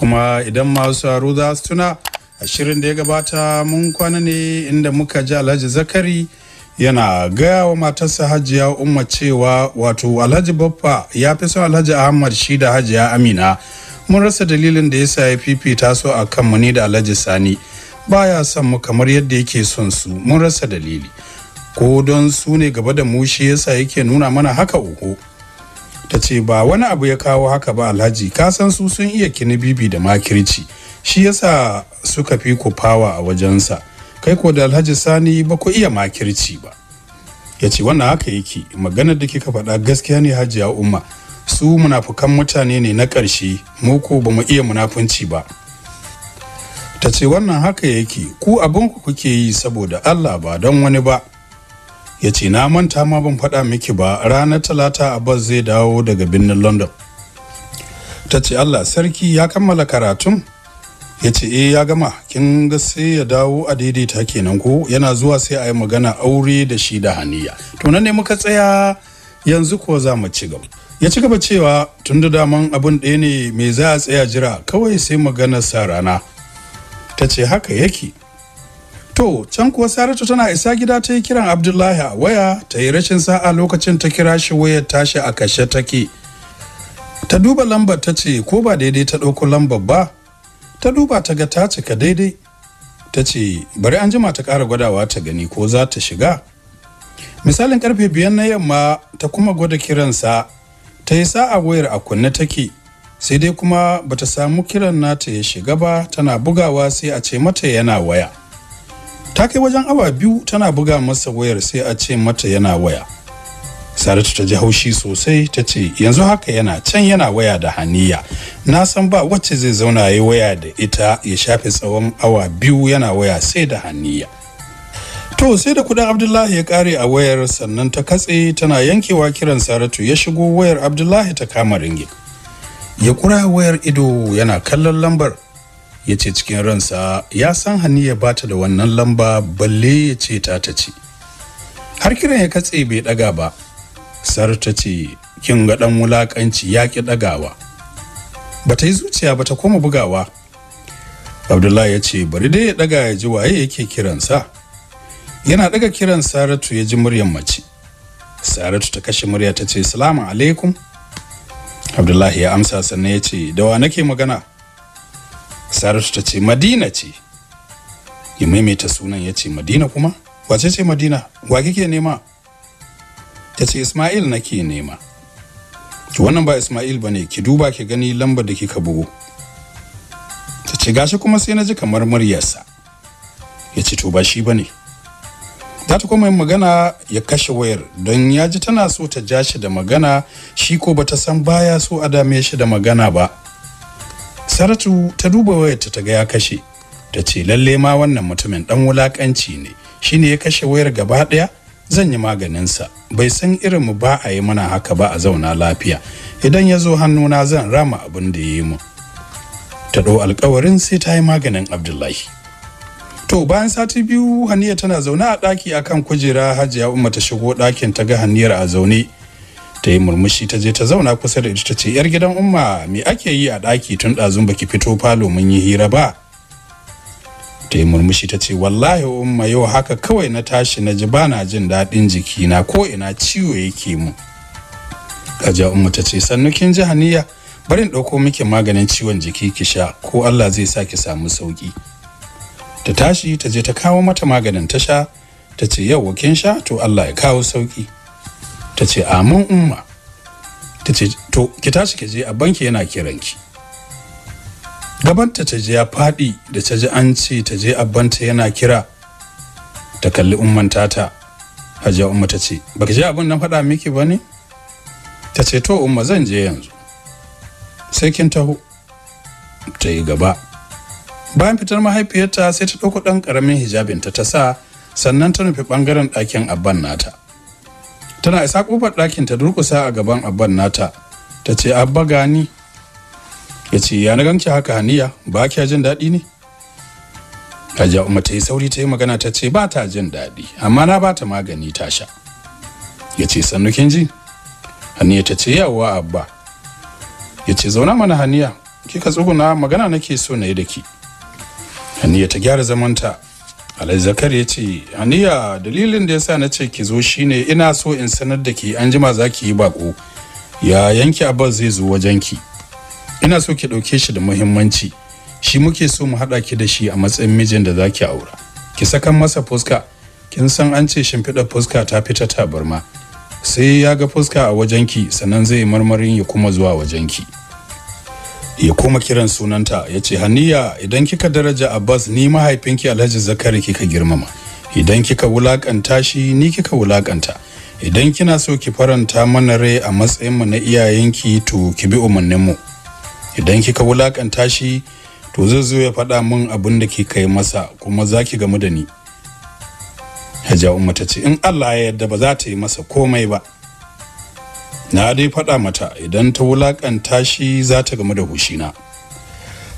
kuma idan masu saro za su tuna a shirin da ya gabata mun kwana ne inda muka ji alhaji zakari yana gaya wa matarsa hajiya umma cewa wato alhaji baffa ya fi son alhaji ahmad shi da hajiya amina mun rasa dalilin da ya sa ya fifita su a mu ne da alhaji sani baya son mu kamar yadda yake son su mun rasa dalili ko don su ne gaba da mu shi yasa yake nuna mana haka uku ta ce ba wani abu ya kawo haka ba alhaji kasan su sun iya kini bibi da makirci shi yasa suka fi ku fawa a wajensa kai ko da alhaji sani ba ku iya makirci ba ya ce wannan haka yake maganar da kika faɗa gaskiya ne hajiya umma su munafukan mutane ne na ƙarshe mu ko ba mu iya munafunci ba ta ce wannan haka yake ku abinku kuke yi saboda allah ba don wani ba ya ce na manta ma ban faɗa miki ba ranar talata abbas zai dawo daga birnin london ta ce allah sarki ya kammala karatun ya ce eh ya gama kin ga sai ya dawo a daidaita kenan ko yana zuwa sai a yi magana aure da shi da haniya to nan ne muka tsaya yanzu ko za mu ci gaba ya ci gaba cewa tun da daman abin ɗaya ne mai za a tsaya jira kawai sai magana sa rana ta ce haka yake To, can kuwa Saratu tana isa gida ta yi kiran Abdullahi a waya ta yi rashin sa'a lokacin ta kira shi wayar tashi a kashe take. Ta duba lambar ta ce ko ba daidai ta ɗauko lambar ba, ta duba ta ga ta cika daidai. Ta ce bari an jima ta ƙara gwadawa ta gani ko za ta shiga. Misalin karfe biyan na yamma ta kuma gwada kiransa ta yi sa'a wayar a kunne take. Sai dai kuma bata samu kiran nata ya shiga ba tana bugawa sai a ce mata yana waya. ta kai wajen awa biyu tana buga masa wayar sai a ce mata yana waya saratu ta ji haushi sosai ta ce yanzu haka yana can yana waya da haniya na san ba wacce zai zauna ya waya da ita ya shafe tsawon awa biyu yana waya sai da haniya to sai da kudin abdullahi ya kare a wayar sannan ta katse tana yankewa kiran saratu ya shigo wayar abdullahi ta kama ringin. ya kura wayar ido yana kallon lambar ya ce cikin ransa ya san haniya ba ta da wannan lamba balle ya ce ta ta ce har kiran ya katse bai daga ba sar ta ce kin ga dan wulakanci ya ki dagawa ba ta yi zuciya ba ta koma bugawa abdullahi ya ce bari dai ya daga ya ji waye yake kiransa yana daga kiran saratu ya ji muryar mace saratu ta kashe murya ta ce salamu alaikum abdullahi ya amsa sannan ya ce da wa nake magana saratu ta ce madina ce ya maimaita sunan ya ce madina kuma wace ce madina wa kike nema ta ce ismail nake nema wannan ba ismail ba ne ki duba ki gani lambar da kika bugu ta ce gashi kuma sai na ji kamar muryarsa ya ce to ba shi ba ne za ta kuma magana ya kashe wayar don ya ji tana so ta ja shi da magana shi ko bata san baya so a dame shi da magana ba saratu ta duba wayarta ta ga ya kashe ta ce lalle ma wannan mutumin dan wulakanci ne shine ya kashe wayar gaba daya zan yi maganinsa bai san irin mu ba a yi mana haka ba a zauna lafiya idan ya zo hannuna zan rama abin da ya yi mu ta ɗau alkawarin sai ta yi maganin abdullahi to bayan sati biyu haniya tana zaune a ɗaki akan kujera hajiya umma ta shigo ɗakin ta ga haniyar a zaune ta yi murmushi ta je ta zauna kusa da ita ta ce yar gidan umma me ake yi a ɗaki tun ɗazun baki fito falo mun yi hira ba ta yi murmushi ta ce wallahi umma yau haka kawai na tashi na ji bana jin daɗin jikina ko ina ciwo yake mu kaja umma ta ce sannu kin ji haniya barin ɗauko miki maganin ciwon jiki ki sha ko Allah zai sa ki samu sauki ta tashi ta je ta kawo mata maganin ta sha ta ce yau kin sha to Allah ya kawo sauki ta ce amin umma ta ce to ki tashi ki je a banki yana kiranki gabanta ta je ya faɗi da ta ji an ce ta je abbanta yana kira ta kalli umman tata hajiya umma ta ce baki je abin nan faɗa miki ba ne ta ce to umma zan je yanzu sai kin taho ta yi gaba bayan fitar mahaifiyarta sai ta ɗauko ɗan ƙaramin hijabinta ta sa sannan ta nufi ɓangaren ɗakin abban nata tana isa kofar ɗakin ta durkusa a gaban abban nata ta ce abba gani ya ce ya na ganki haka haniya ba kya jin daɗi ne Hajiya Umma ta yi sauri ta yi magana ta ce ba ta jin daɗi amma na ba ta magani ta sha ya ce sannu kin ji haniya ta ce yawa abba ya ce zauna mana haniya kika tsuguna magana nake so na yi da ki haniya ta gyara zamanta Alai zakar ya ce aniya dalilin da yasa na ce ki zo shine ina so in sanar da ke an jima za ki yi bako ya yanki abar zai zo wajenki ina so ki ɗauke shi da muhimmanci shi muke so mu haɗa ki da shi a matsayin mijin da za ki aura ki sakan masa fuska kin san an ce shimfiɗar fuska ta fita tabarma sai ya ga fuska a wajenki sannan zai marmarin ya kuma zuwa wajenki ya koma kiran sunanta ya ce haniya idan kika daraja abbas ni mahaifinki alhaji zakari kika girmama idan kika wulakanta shi ni kika wulakanta idan kina so ki faranta mana rai a matsayinmu na iyayenki to ki bi mu. idan kika wulakanta shi to zai zo ya faɗa min abin da ke kai masa kuma za ki gamu da ni hajja umma ta ce in allah ya yarda ba za ta yi masa komai ba na dai faɗa mata idan ta wulaƙanta shi za ta gamu da na.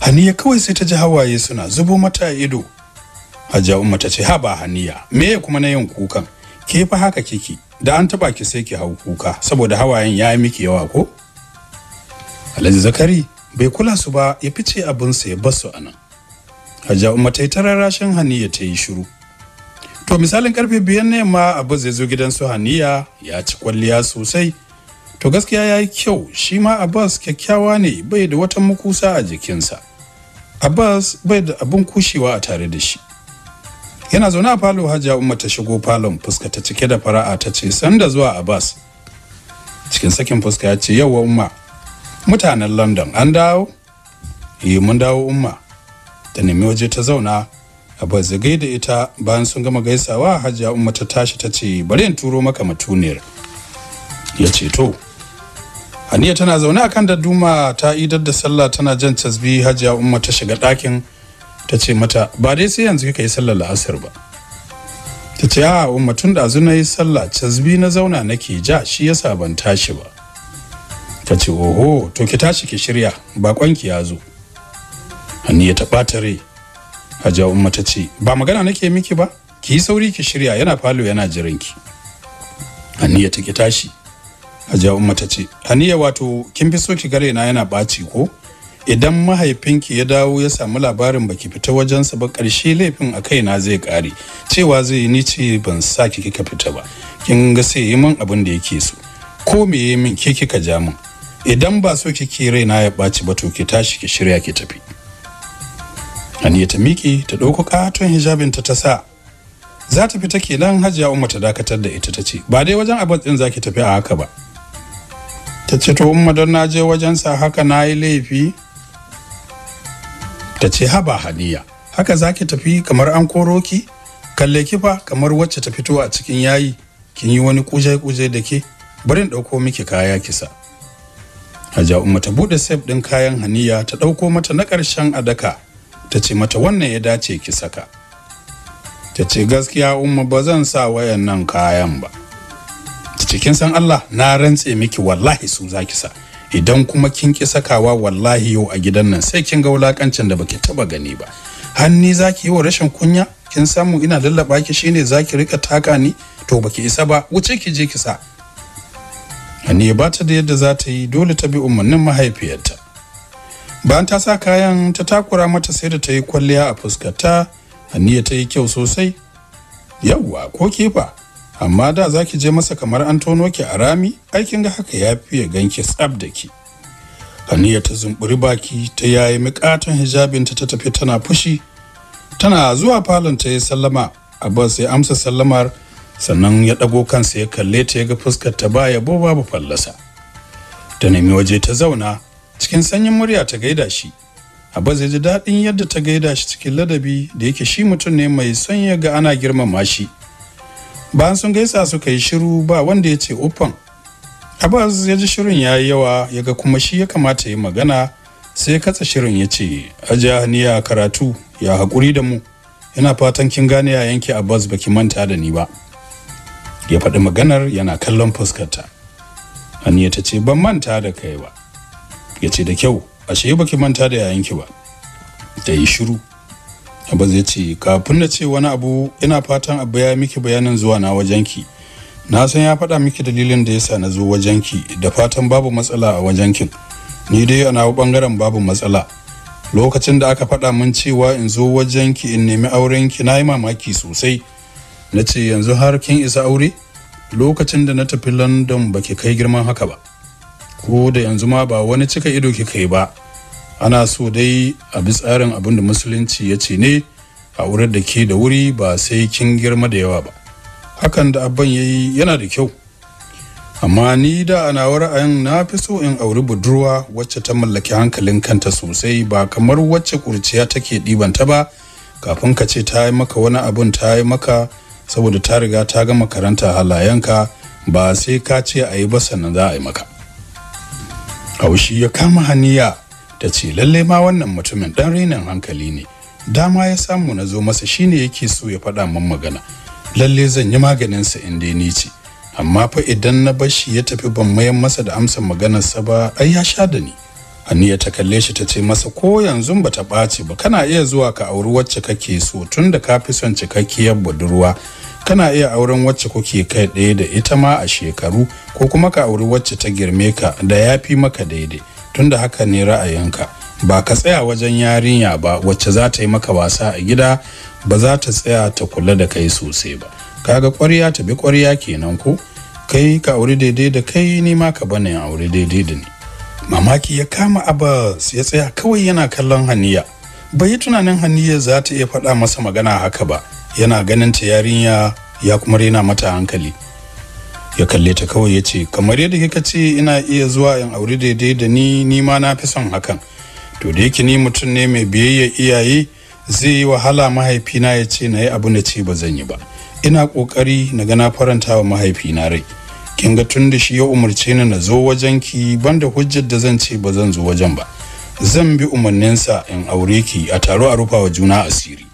haniya kawai sai ta ji hawaye suna zubo mata ido hajja umma ta ce haba haniya me kuma na yin kukan ke fa haka kiki da an taɓa ki sai ki hau kuka saboda hawayen ya yi miki yawa ko alhaji zakari bai kula su ba ya fice sa ya bar su anan. hajja umma ta yi tararashin haniya ta yi shiru to misalin karfe biyan ne ma abu zai zo gidan su haniya ya ci kwalliya sosai to gaskiya ya yi kyau shi ma abbas kyakkyawa ne bai da wata mukusa a jikinsa abbas bai da abin kushewa a tare da shi yana zaune a falo hajiya umma ta shigo falon fuska ta cike da fara'a ta ce sanda zuwa abbas cikin sakin fuska ya ce yau umma mutanen london an dawo yi eh, mun dawo umma ta nemi waje ta zauna abbas ya gaida ita bayan sun gama gaisawa hajiya umma ta tashi ta ce bari in turo maka matuniyar ya ce to haniya tana zaune akan duma ta idar da sallah tana jan tasbi hajiya umma ta shiga ɗakin ta ce mata ba dai sai yanzu kika yi sallar la'asar ba ta ce a umma tun da na yi sallah tasbi na zauna nake ja shi yasa ban tashi ba ta ce oho to ki tashi ki shirya kwanki ya zo haniya ta ɓata rai hajiya umma ta ce ba magana nake miki ba ki yi sauri ki shirya yana falo yana jiranki haniya ta ki tashi Hajiya Umma ta ce, "Haniya wato kin fi so ki ga na yana ɓaci ko? Idan mahaifinki ya dawo ya samu labarin baki fita wajensa ba ƙarshe laifin a kaina zai ƙare. Cewa zai ni ce ban sa ki kika fita ba. Kin ga sai yi min abin da yake so. Ko me yi min ke kika ja min? Idan ba so ki kike raina ya ɓaci ba to ki tashi ki shirya ki tafi." Haniya ta miƙe ta ɗauko ƙaton hijabinta ta sa za ta fita kenan hajiya umma ta dakatar da ita ta ce ba dai wajen abin zaki za ki tafi a haka ba ta ce to umma don na je wajensa haka na yi laifi ta ce haba haniya haka zaki tafi kamar an koro ki kalle ki fa kamar wacce ta fito a cikin yayi kin yi wani kujai-kujai da ke barin ɗauko miki kaya kisa haja umma ta buɗe sef ɗin kayan haniya ta ɗauko mata na karshen adaka ta ce mata wannan ya dace ki saka ta ce gaskiya umma ba zan sa wayannan kayan ba cikin san Allah na rantse miki wallahi su zaki sa idan kuma kin ki sakawa wallahi yau a gidan nan sai kin ga wulakancin da baki taba gani ba hanni zaki yi wa rashin kunya kin samu ina lallaba ki shine zaki rika taka ni to baki isa ba wuce ki je ki sa hanni ba ta da yadda za ta yi dole ta bi umarnin mahaifiyarta bayan ta sa kayan ta takura mata sai da ta yi kwalliya a fuskarta hanni ta yi kyau sosai yawwa ko kifa amma da za ki je masa kamar an tono ki a rami aikin ga haka ya fiye ganke tsab da ki haniya ta zumburi baki ta yayi mikatan hijabinta ta tafi tana fushi tana zuwa falon ta yi sallama abba ya amsa sallamar sannan ya ɗago kansa ya kalle ta ya ga fuskar ta ba yabo babu fallasa ta nemi waje ta zauna cikin sanyin murya ta gaida shi abba zai ji daɗin yadda ta gaida shi cikin ladabi da yake shi mutum ne mai son ya ga ana girmama shi bayan sun gaisa suka yi shiru ba wanda ya ce uffan abbas ya ji shirin ya yi yawa ya ga kuma shi ya kamata ya yi magana sai ya katsa shirin ya ce ajiya ya karatu ya haƙuri da mu yana fatan kin gane ya yanke abbas baki manta da ni ba ya faɗi maganar yana kallon fuskarta aniya ta ce ban manta da kai ba ya ce da kyau ashe baki manta da ya yanke ba ta yi shiru abu zai ce kafin na ce wani abu ina fatan abu ya miki bayanin zuwa na wajenki na san ya faɗa miki dalilin da yasa na zo wajenki da fatan babu matsala a wajenkin ni dai a nawa bangaren babu matsala lokacin da aka faɗa min cewa in zo wajenki in nemi aurenki na yi mamaki sosai na ce yanzu har kin isa aure lokacin da na tafi london baki kai girman haka ba ko da yanzu ma ba wani cika ido kika yi ba ana so dai a bi tsarin abin da musulunci ya ce ne a wurin da ke da wuri ba sai kin girma da yawa ba hakan da abban ya yi yana da kyau amma ni da ana ra'ayin na fi so in auri budurwa wacce ta mallaki hankalin kanta sosai ba kamar wacce kurciya take ɗibanta ba kafin ka ce ta yi maka wani abin ta yi maka saboda ta riga ta gama karanta halayenka ba sai ka ce a yi ba sannan za a yi maka haushi ya kama haniya ta ce lalle ma wannan mutumin dan renin hankali ne dama ya samu na zo masa shine yake so ya faɗa min magana lalle zan yi maganin sa in ni ce amma fa idan na bar shi ya tafi ban mayan masa da amsar maganar sa ba ai ya sha da ni Aniya ta kalle shi ta ce masa ko yanzu ba ta ɓaci ba kana iya zuwa ka auri wacce kake so tun da ka fi son cikakkiyar budurwa kana iya auren wacce kuke kai ɗaya da ita ma a shekaru ko kuma ka auri wacce ta girme ka da ya fi maka daidai tunda haka ne ra'ayinka ba ka tsaya wajen yarinya ba wacce za ta yi maka wasa a gida ba za ta tsaya ta kula da kai sosai ba kaga ƙwarya ta bi ƙwarya kenan ko kai ka aure daidai da kai ni ma ka bane aure daidai da ni mamaki ya kama abbas ya tsaya kawai yana kallon haniya bai yi tunanin haniya za ta iya faɗa masa magana haka ba yana ganin ta yarinya ya kuma rena mata hankali ya kalle ta kawai ya ce kamar yadda kika ce ina iya zuwa in aure daidai da ni ni ma na fi son hakan to da yake ni mutum ne mai biyayya iyaye zai yi wahala mahaifina ya ce na yi abu na ce ba zan yi ba ina kokari na ga na faranta wa mahaifina rai kin ga tun da shi ya umarce ni na zo wajen ki banda hujjar da zan ce ba zan zo wajen ba zan bi umarninsa in aure ki a taro a rufa wa juna asiri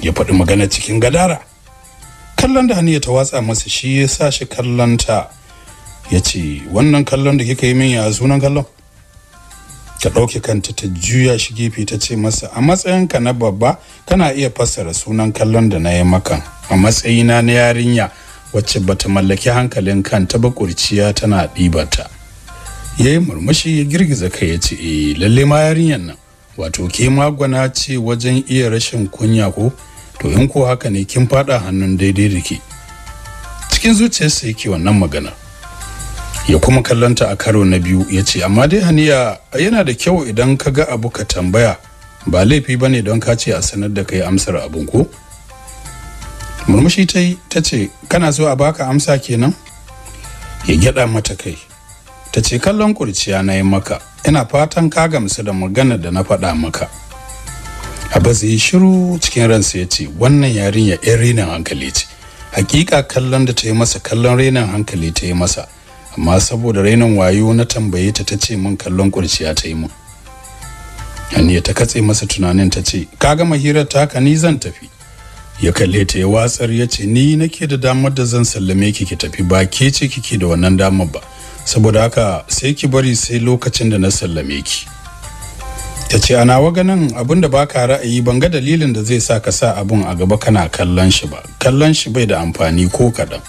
ya faɗi magana cikin gadara kallon da haniya ta watsa masa shi ya sa shi kallonta ya ce wannan kallon da kika yi min ya sunan kallon ta ɗauke kanta ta juya shi gefe ta ce masa a matsayinka na babba kana iya fassara sunan kallon da na yi maka. a matsayina na yarinya wacce bata mallaki hankalin kanta ba kurciya tana ɗibata ya yi murmushi ya girgiza kai ya ce eh, lalle ma yarinyar nan wato ke magwana ce wajen iya rashin kunya ko to in ko haka ne kin fada hannun daidai da ke cikin zuciyarsa yake wannan magana ya kuma kallanta a karo na biyu ya ce amma dai haniya yana da kyau idan ka ga abu ka tambaya ba laifi ba ne don ka ce a sanar da kai amsar abin ko murmushi ta yi ta ce kana so a baka amsa kenan ya gyada mata kai ta ce kallon kurciya na yi maka ina fatan ka gamsu da magana da na faɗa maka abin sai shiru cikin ransa ya ce wannan yarinya yan renin hankali ce. Hakika kallon da ta yi masa kallon renin hankali ta yi masa. Amma saboda renin wayo na tambaye ta ta ce min kallon kurciya ta yi min. ya ta katse masa tunanin ta ce ka gama hirar ta haka ni zan tafi. Ya kalle ta ya watsar ya ce ni nake da damar da zan sallame ki ki tafi ba ke ce kike da wannan damar ba. Saboda haka sai ki bari sai lokacin da na sallame ki. ta ce a nawa ganin abin da baka ra'ayi ban ga dalilin da zai sa ka sa abun a gaba kana kallon shi ba kallon shi bai da amfani ko kaɗan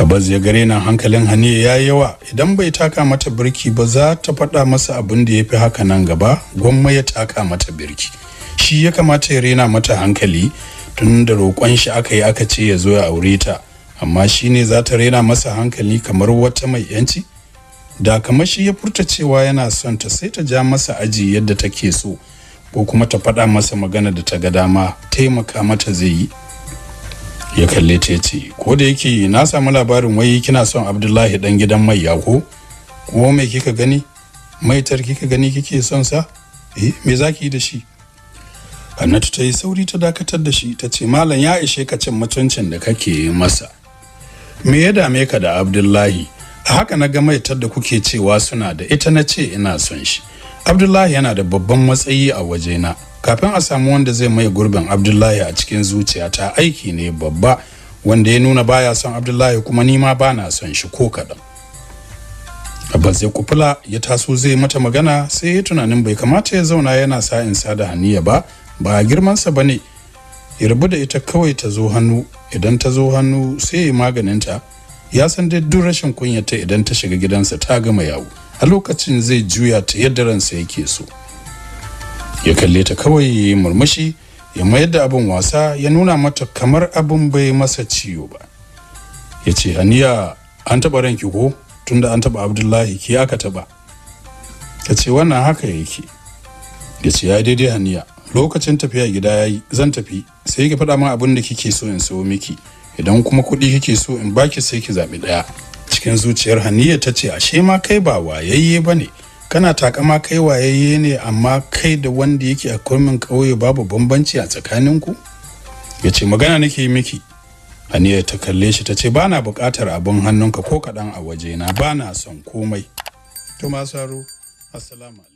abaz ya gare nan hankalin hani ya yawa idan bai taka mata birki ba za ta faɗa masa abin da ya fi haka nan gaba gwamma ya taka mata birki shi ya kamata ya rena mata hankali tun da roƙon shi aka yi aka ce ya zo ya aure ta amma shi ne za ta rena masa hankali kamar wata mai yanci da kamashi ya furta cewa yana son ta sai ta ja masa aji yadda take so ko kuma ta faɗa masa magana da ta ga dama taimaka mata zai yi ya kalle ta ya ce ko da yake na samu labarin wai kina son abdullahi dan gidan mai yako ko me kika gani maitar kika gani kike son sa eh me zaki yi da shi Annatu ta yi sauri ta dakatar da shi ta ce malam ya ishe ka cin mutuncin da kake masa me ya dame ka da abdullahi a haka na ga maitar da kuke cewa suna da ita na ce ina son shi abdullahi yana da babban matsayi a wajena kafin a samu wanda zai mai gurbin abdullahi a cikin zuciyata aiki ne babba wanda ya nuna baya son abdullahi kuma nima ma bana son shi ko kaɗan abba zai kufula ya taso zai mata magana sai ya tunanin bai kamata ya zauna yana sa in sa da haniya ba ba girmansa ba ne ya rabu da ita kawai ta zo hannu idan ta zo hannu sai ya maganinta ya san dai duk rashin kunyata idan ta shiga gidansa ta gama yawo a lokacin zai juya ta yadda ransa yake so ya kalle ta kawai ya murmushi ya mayar da abin wasa ya nuna mata kamar abin bai masa ciwo ba ya ce aniya an taɓa ranki ko tunda an taɓa abdullahi ki aka taɓa ta ce wannan haka yake ya ce ya daidai aniya lokacin tafiya gida ya yi zan tafi sai ki faɗa min abin da kike so in sayo miki idan kuma kuɗi kike so in baki sai ki zaɓi ɗaya cikin zuciyar haniya ta ce ashe ma kai ba wayayye ba ne kana takama kai wayayye ne amma kai da wanda yake a kurmin ƙauye babu bambanci a tsakaninku ya ce magana nake yi miki haniya ta kalle shi ta ce ba na buƙatar abin hannunka ko kaɗan a wajena ba na son komai to masu assalamu